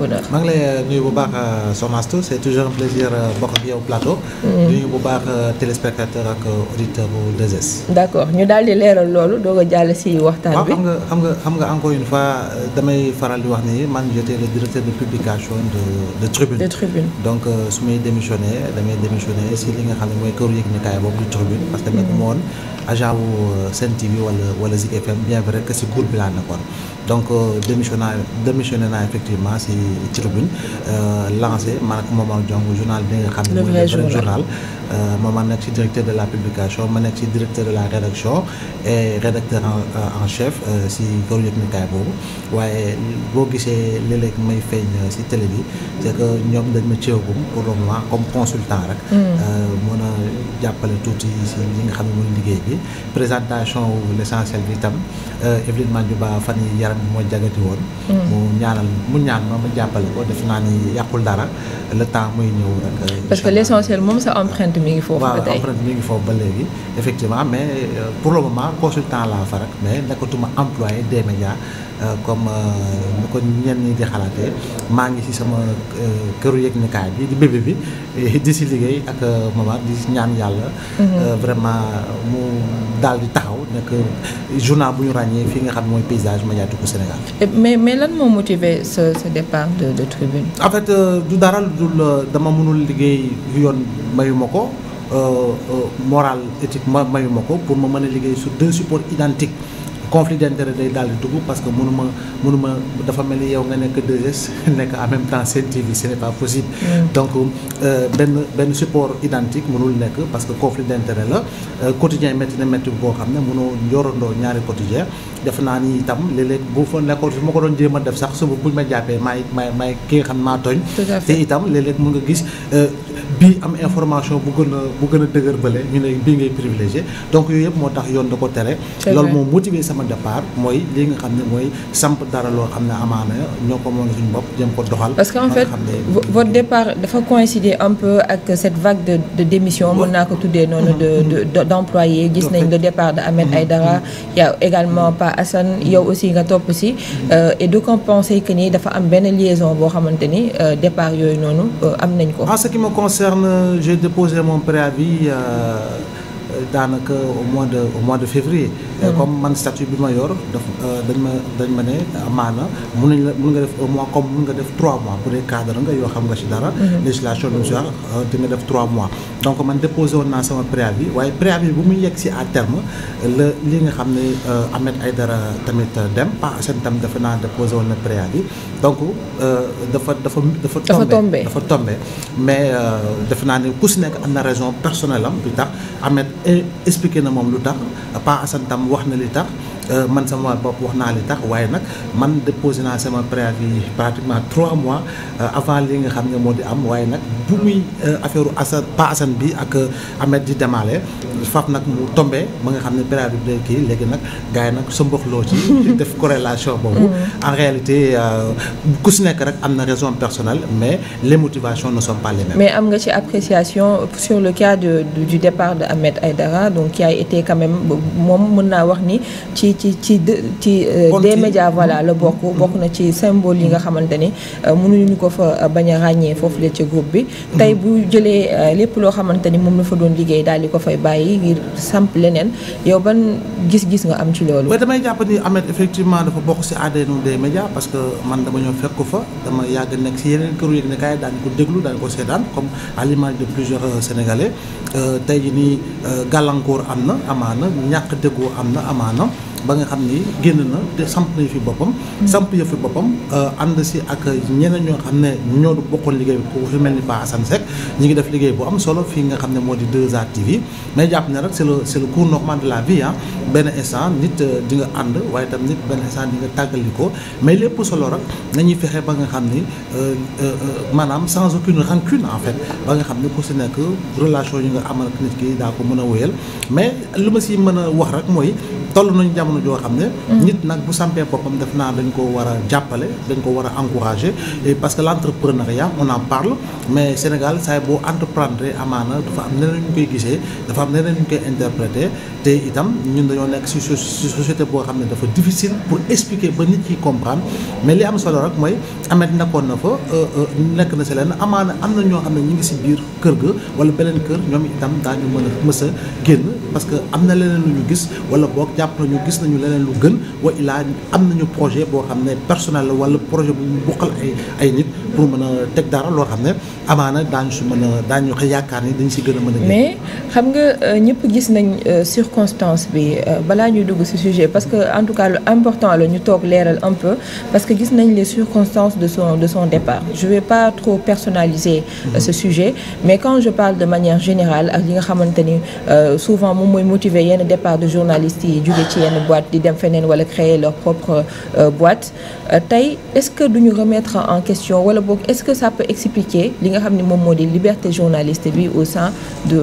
bonheur. maa ngi lay euh, nuyu bu baax euh, Soxna Astou c'est toujours un plaisir euh, bokk ak yow plateau. Mm-hmm. nuyu bu baax ñu daal di leeral loolu doog a jàll si waxtaan bi. waaw xam nga xam nga xam nga encore une fois damay faral di wax ni man j'étais le directeur de publication de de Tribune. de Tribune donc su may démissionné damay démissionné si li nga xam ne mooy këru yëg-yëgaay boobu du Tribune parce que nekkuma woon mm-hmm. agent wu Sen TV wala wala Zik FM bien vrai que si cour bi laa nekkoon donc démissionné naa tribune euh, lancé man ak Momar Diong journal bi nga xam ne mooy le journal Momar euh, nekk ci directeur de la publication ma nekk ci directeur de la rédaction et rédacteur en euh, chef si këru yëglekaay boobu waaye boo gisee léeg-léeg may feeñ si télé bi te que ñoom dañ ma ceebum pour le moment comme consultant rek mm. mën a jàppale tuuti si li nga xam ne mooy liggéey bi présentation wu l' essentiel bi itam euh, Evelyne Mandiouba fan yi yaram bi moo jagati woon mm. mu ñaanal mu ñaan ma ma jàppale ko def naa ni yàqul dara le temps muy ñëw rek euh, parce que l' moom sa empreinte mi ngi foofu ba léegi effectivement mais euh, pour le consultant laa fa rek mais nekkatuma employé des médias Euh, comme euh, nu ko ñenn ñi di xalaatee maa ngi ci sama euh, këru yëglekaay bi di bébé bi di ci liggéey ak mama di ñaan yàlla. Mhm. vraiment mu daal di taxaw nekk journal bu ñu ràññee fii nga xam mooy paysage médiatique du Sénégal. mais mais lan moo motivé ce ce départ de de tribune. en fait du dara lu dama mënul liggéey yoon mayuma ko moral éthique ma mayuma ko pour ma mën a liggéey sur deux supports identiques. conflit d'intérêt day daal di dugg parce que mënuma mënuma dafa mel ni yow nga nekk 2S nekk en même temps Sen TV ce n'est pas possible. Mm. donc euh, benn benn support identique mënul nekk parce que conflit d'intérêt la euh, quotidien métti na métti boo xam ne mënoo njorandoo ñaari quotidien def naa ni itam léeg-léeg bu fa nekkoon su ma ko doon jéem a def sax suba buñ ma jàppee maay maay maay ki nga xam maa tooñ. te itam léeg mun nga gis euh, bii am information bu gën bu gën a dëgër bële ñu ne bii ngay privilégié donc moo tax yoon da ko sama départ mooy li nga xam ne mooy samp dara loo xam ne amaana ñoo ko moom suñu bopp jëm ko doxal. parce que en fait votre départ dafa coïncider un peu ak cette vague de de démission mën naa ko tuddee noonu mm-hmm. de de mm-hmm. d'employés gis nañ le départ da Ahmed Aïdara y a également mm-hmm. Pa Assane yow aussi nga topp si euh, et donc on pensait que ni dafa am benn liaison boo xamante ni euh, départ yooyu noonu euh, am nañ ko. en ce qui me concerne j'ai déposé mon préavis. Euh... daanaka au mois de au mois de février. Euh, hmm. comme man statut bi ma yor daf euh, dañ ma dañ ma ne amaana mun nañ la mun nga def un mois comme mun nga def trois mois bu dee cadre nga yoo xam nga ci dara. Hmm. législation bi euh, di nga def trois mois. donc man déposé woon naa sama préavis waaye préavis bu muy yegg dafa na préavis donc dafa dafa dafa. dafa tombé dafa tombé naa ne ku si nekk am na raison personnelle bi tax Ahmed. expliqué na moom lu tax Pa Assane tam wax na li tax Euh, man sama wàll bopp wax naa li tax waaye nag man déposé naa sama préavis pratiquement trois mois euh, avant li nga xam ne moo di am waaye nag bu muy euh, affaire u Assane bi ak Ahmed di demale faf nag mu tombé ba nga xam ne préavis bi day kii léegi nag gars yi nag sa mboxloo ci def corrélation boobu mm. en réalité ku si nekk rek am na raison personnelle mais les motivations ne sont pas les mêmes mais am nga ci appréciation sur le cas de, du départ de Ahmed Aïdara donc qui moom mën naa wax ni ci ci ci ci euh, des médias voilà la bokk mm-hmm. bokk na ci symbole yi nga xamante ni euh, mënuñu ko fa euh, bañ a ràññee foofu la ci groupe bi mm-hmm. tey bu jëlee lépp loo xamante ni moom la fa doon liggéey daal di ko fay bàyyi ngir samp leneen yow ban gis-gis nga am ci loolu mais damay jàpp ni Ameth effectivement dafa bokk si ADN des médias parce que man dama ñëw fekk ko fa dama yàgg nekk si yeneen këru yëg nekaay daan ko déglu daan ko seetaan comme à l'image de plusieurs Sénégalais tey ji nii gàllankoor am na amaana ñàkk déggoo am na amaana ba nga xam ni génn na te samp na fi boppam. samp yëfi boppam euh, ànd si ak ñeneen ñoo xam ne ñoo bokkoon liggéey bi ku fi mel ni Ba Assane Seck ñu ngi def liggéey boo am solo fii nga xam ne moo di 2A TV mais jàpp ne rek c'est le c'est le cours de la vie benn instant nit euh, di nga ànd waaye tam nit benn instant di nga tàggalikoo mais lépp solo rek nañuy fexe ba nga xam ni euh, maanaam sans aucune rancune en fait ba nga xam ni ku si nekk relation yi nga amal ak nit ki daa ko mën a wéyal mais lu ma si mën a wax rek mooy. toll nañu jamono joo xam ne. Mm. nit nag bu sampee boppam def naa dañ ko war a jàppale dañ ko war a encourager parce que l' entrepreneuriat on en parle mais Sénégal saay boo entreprendre amaana dafa am neneen ñu koy gisee dafa am neneen ñu koy interpréter te itam ñun dañoo nekk si société boo xam ne dafa difficile pour expliquer ba nit ki comprendre mais li am solo rek mooy amet nekkoon na fa euh, euh, nekk na si leen amaana am na ñoo xam ne ñu ngi si biir kër ga wala beneen kër ñoom itam daañu mën a mës a génn parce que am na leneen lu ñu gis wala boog jàpp nañu gis nañu leneen lu gën wa ilaa am nañu projet boo xam ne personnel la projet bu ñu bokkal ay nit pour mën a teg dara loo xam ne amaana daañu si mën a daañu ko yaakaar ni dañ si gën a mën a mais euh, euh, euh, ñuy dugg si sujet parce que en tout cas lu important la ñu toog leeral un peu parce que gis nañ les circonstances de son de son départ je vais pas trop personnaliser mm-hmm. ce sujet mais quand je parle de manière générale ak li nga xamante souvent moom mooy motiver yenn départ de journalistes jóge ci yenn boîte di dem feneen wala créer leur propre euh, boîte euh, tey est-ce que du ñu remettre en question wala boo est-ce que ça peut expliquer li nga xam ne moom moo di liberté journaliste bi au sein de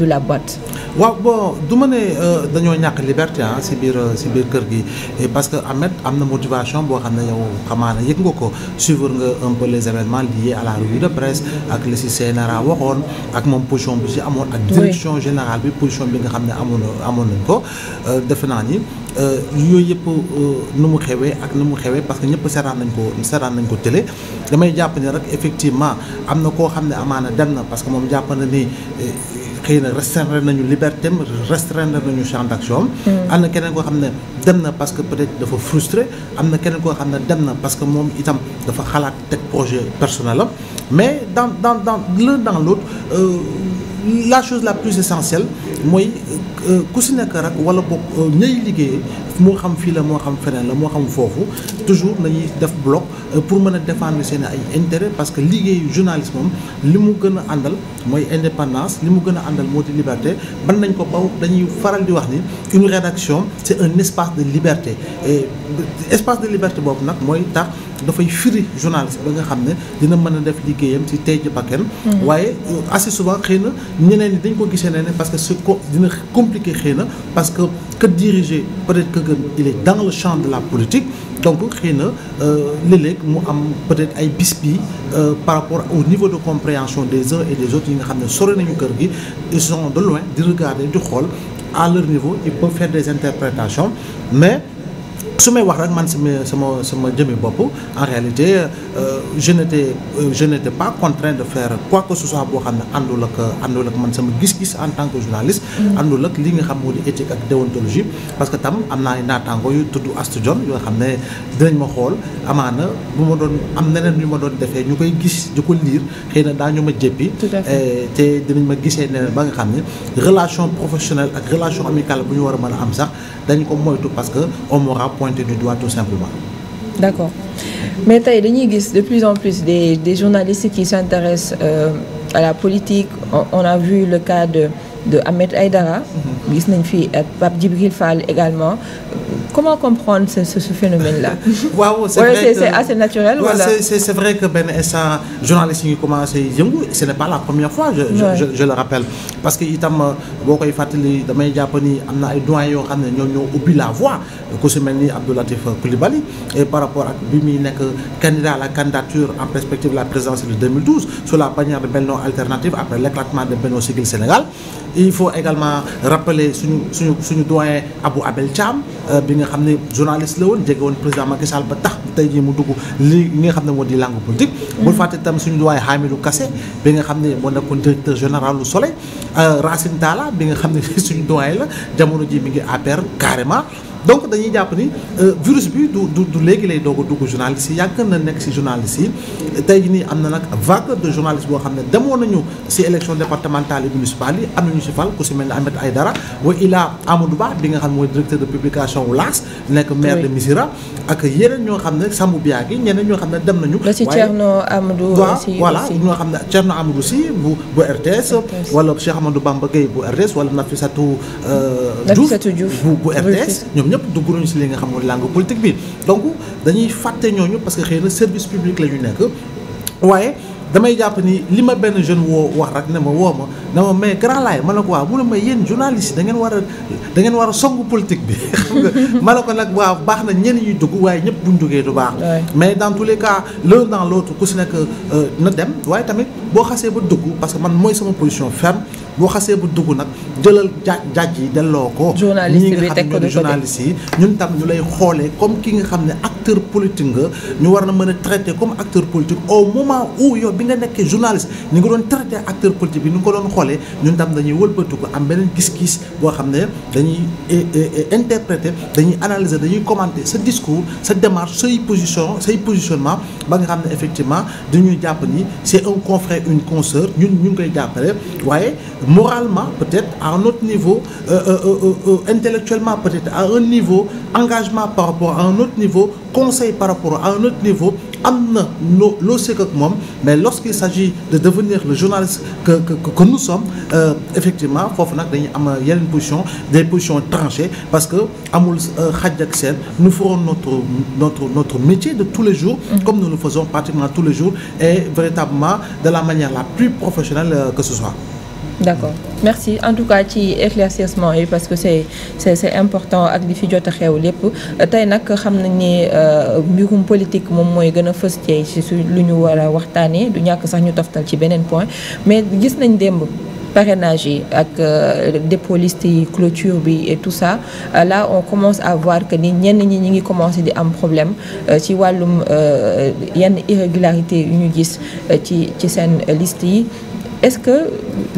de la boîte. waaw bo du ma ne euh, dañoo ñàkk liberté ah si biir si biir kër gi parce que Ahmed am na motivation boo xam ne yow xamaa na yëg nga ko suivre nga un peu les événements liés à la revue de presse ak li si CNRA waxoon ak moom position bi si amoon. ak direction générale bi position bi nga xam ne amoon amoon nañ ko. defe naa ni euh, yooyu yëpp euh, nu mu xewee ak nu mu xewee parce que ñëpp seetaan nañ ko seetaan nañ ko télé damay jàpp ne rek effectivement am na koo xam ne amaana dem na parce que moom jàpp na ni euh, xëy na restreindre nañu liberté mm. dafa frustré am na keneen koo xam ne dem na parce que moom itam dafa xalaat teg projet personnel am mais dans dans dans la chose la plus essentielle mooy euh, ku si nekk rek wala boog euh, ñay liggéeyee moo xam fii la moo xam feneen la moo xam foofu toujours nañuy def bloc euh, pour mën a défendre seen ay intérêt parce que liggéeyu journaliste moom li mu gën a àndal mooy indépendance li mu gën a àndal moo di liberté ban nañ ko baw dañuy faral di wax ni une rédaction c'est un espace de liberté et espace de liberté boobu nag mooy tax dafay firi journaliste ba nga xam ne dina mën a def liggéeyam si tey ji mm. waaye assez souvent xëy na ñeneen ñi dañ ko gisee ne parce que c'est dina compliqué xëy na parce que que diriger peut-être que il est dans le champ de la politique donc xëy na euh, léeg-léeg mu am peut-être ay bis bi euh, par rapport au niveau de compréhension des uns et des autres yi nga xam ne sore nañu kër gi ils sont de loin di regarder di xool à leur niveau ils peuvent faire des interprétations mais su may wax rek man sama sama sama jëmmi bopp en réalité euh, je n'étais euh, je n'étais pas contraint de faire quoi que ce soit boo xam ne àndul ak àndul ak man sama gis-gis en tant que journaliste. Mm. àndul ak li nga xam moo di éthique ak déontologie. que tam am naa naataango yu tudd Astou Dione yoo xam ne dinañ ma xool amaana bu ma doon am neneen ñu ma doon defee ñu koy gis di ko liir xëy na daañu ma jéppi. Eh, te dinañ ma gisee neneen ba nga xam ne relation professionnelle ak relation amicale bu ñu war a mën a am sax dañ ko moytu parce que on pointé du doigt tout simplement. D'accord. Mais tey dañuy gis de plus en plus des des journalistes qui s'intéressent euh, à la politique on a vu le cas de de Ahmed Aïdara. Mm-hmm. gis nañ fi euh, Pape Djibril Fall également comment comprendre ce, ce, ce phénomène-là waaw c'est vrai que c'est assez naturel waaw voilà. c'est vrai que ce n'est pas la première fois je, le rappelle parce que itam boo koy fàttali damay jàpp ni am na ay doyen yoo xam ne ñoo ñoo ubbi la voie ku si mel ni Abdou Latif Coulibaly et par rapport ak bi muy nekk candidat à la candidature en perspective la présidence de 2012 sur la bannière de Benno Alternative après l'éclatement de Benno Siggil Sénégal nga xam ne journaliste la woon jege woon président Macky Sall ba tax tey jii mu dugg li nga xam ne moo di langue politique. Mm. bu fàtte tam suñu waaye Hamidou Kassé bi nga xam ne moo nekkoon directeur général lu Soleil euh, Racine Talla bi nga xam ne suñu doyen la jamono ji mi ngi APR carrément. donc dañuy jàpp ni euh, virus bi du du léegi lay doog a dugg journaliste yi yàgg na nekk si journaliste yi tey jii nii am na nag vague de journaliste boo xam ne demoon nañu si élection départementale et municipale yi am nañu si fal ku si mel ne Ahmed Aïdara wa ilaa Amadou Ba bi nga xam mooy directeur de publication wu nekk maire de missira ak yeneen ñoo xam ne Sambou Biagui ñeneen ñoo xam ne dem nañu. waaye ba si Thierno Amadou. aussi voilà ñoo xam ne Thierno Amadou si bu bu RTS. wala Cheikh Amadou Bamba Gueye bu RTS wala Nafisatou euh, Diouf bu bu RTS ñoom ñëpp dugg nañu si li nga xam mooy langue politique bi donc dañuy fàtte ñooñu parce que xëy na service public la ñu nekk waaye damay jàpp ni li ma benn jeune woo wax rek ne ma woo ma ne ma mais grand laay ma ne ko waaw mu ne ma yéen journaliste da ngeen war a da war a song politique bi xam ma ne ko nag waaw baax na ñenn ñuy dugg waaye ñëpp buñ duggee du baax mais dans tous les cas l'un dans l'autre ku si nekk euh, na dem waaye tamit boo xasee ba dugg parce que man mooy sama position ferme boo xasee ba dugg nag jëlal jaaj jaaj yi delloo ko ñi nga xam ne journaliste yi ñun tam ñu lay xoolee comme ki nga xam ne ak acteur politique nga ñu war na mën a traité comme acteur politique au moment où yow bi nga nekkee journaliste ñu ngi doon traité acteur politique bi ñu ngi ko doon xoolee ñun tam dañuy wëlbatu ko am beneen gis-gis boo xam ne dañuy eh, eh, eh, interpréter dañuy analyser dañuy commenter sa discours sa démarche say position say positionnement ba nga xam ne effectivement dañuy jàpp ni c'est un confrère une consoeur ñun ñu ngi koy jàppale waaye moralement peut-être à un autre niveau euh, euh, euh, peut-être à un niveau engagement par rapport à un autre niveau conseil par rapport à un autre niveau am na loo loo ak moom mais lorsqu'il s'agit de devenir le journaliste que que que nous sommes euh, effectivement foofu nag dañuy am yeneen position des positions tranchées parce que amul euh, xaj ak seen nous ferons notre notre métier de tous les jours mm-hmm. comme nous le faisons pratiquement tous les jours et véritablement de la manière la plus professionnelle euh, que ce soit d'accord merci en tout cas ci éclaircissement yi parce que c'est c'est c'est important ak li fi jot a xew lépp tey nag xam nañ ni euh, mbirum politique moom mooy gën a fës ci su lu ñu war a waxtaanee du ñàkk sax ñu toftal ci beneen point mais gis nañ démb parrainage yi ak euh, dépôt liste yi clôture bi et tout ça là on commence à voir que ni ñenn ñi ñi ngi commencé di am problème euh, ci wàllum yenn irrégularité yu ñu gis ci ci seen liste yi est-ce que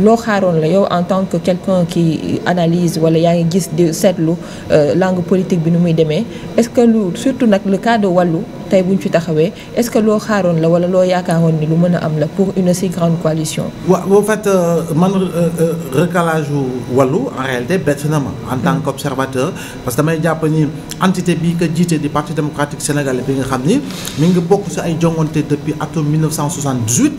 loo xaaroon la yow en tant que quelqu'un qui analyse wala yaa ngi gis di seetlu euh, langue politique bi nu muy demee est-ce que lu surtout nag le cas wallu wàllu tey buñ fi taxawee est-ce que loo xaaroon la wala loo yaakaaroon ni lu mën a am la pour une si grande coalition. waaw en fait euh, man euh, recalage wu wàllu en réalité bett na ma en tant mm-hmm. qu'observateur parce que damay jàpp ni entité bi ko jiite di parti démocratique sénégalais bi nga xam ni mi ngi bokk si ay jongante depuis atum 1978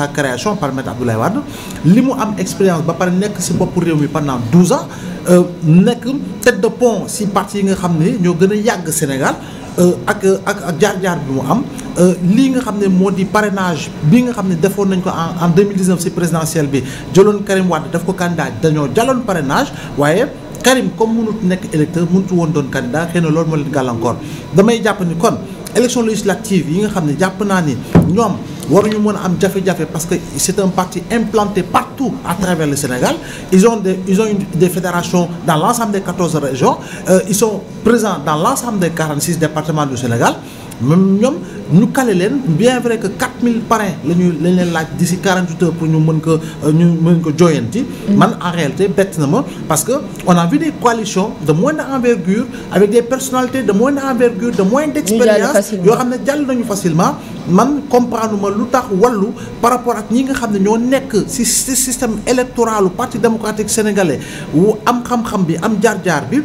sa création par maître Abdoulaye Wade li mu am expérience ba pare nekk si bopp réew mi pendant 12 ans euh, nekk tête de pont si parti yi nga xam ne ñoo gën a yàgg Sénégal euh, ak ak ak jaar-jaar bi mu am euh, lii nga xam ne moo di parrainage bi nga xam ne defoon nañ ko en en 2019 si présidentielle bi jëloon Karim Wade daf ko candidat dañoo jaloon parrainage waaye Karim comme mënut nekk électeur mënut woon doon candidat xëy na loolu moo leen gàllankoor damay jàpp ni kon élection législative yi nga xam ne jàpp naa ni ñoom. waruñu mën a am jafe parce que c'est un parti implanté partout à travers le Sénégal ils ont des ils ont une, des fédérations dans l'ensemble des 14 régions euh, ils sont présents dans l'ensemble des 46 départements du Sénégal même ñoom ñu kale leen bien vrai que 4000 parrains la ñuy lañ leen laaj di d'ici 48 heures pour ñu mën ko euh, ñu mën ko joyanti. Mm. man en réalité bett na ma parce que on a vu des coalitions de moindre envergure avec des personnalités de moindre envergure de moindre d'expérience yoo xam ne jàll nañu facilement man comprendre ma lu tax wallu par rapport ak ñi nga xam ne ñoo nekk ci système électoral u parti démocratique sénégalais wu am xam-xam bi am jaar-jaar bi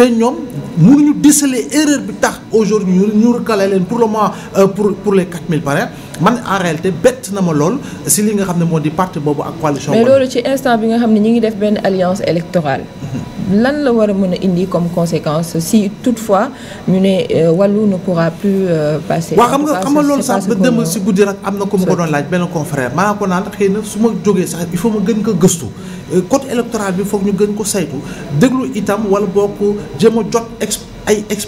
te ñoom mënuñu déceler erreur bi tax aujourd'hui ñu ñu recalé leen pour le mois euh, pour pour les 4000 parrains man en réalité bett na ma lool si li nga xam ne moo di parti boobu ak coalition mais loolu ci instant bi nga xam ne ñi ngi def benn alliance électorale mhm. lan la war a mën a indi comme conséquence si fois ñu ne euh, wàllu ne pourra plus euh, passer. waaw xam nga xam nga loolu sax ba dem si guddi rek am na ko ma ko doon laaj benn confrère maa ko naan xëy na su ma jógee sax il faut ma gën ko gëstu. Euh, code électoral bi foog ñu gën ko saytu déglu itam wala bokk jéem a jot ex ay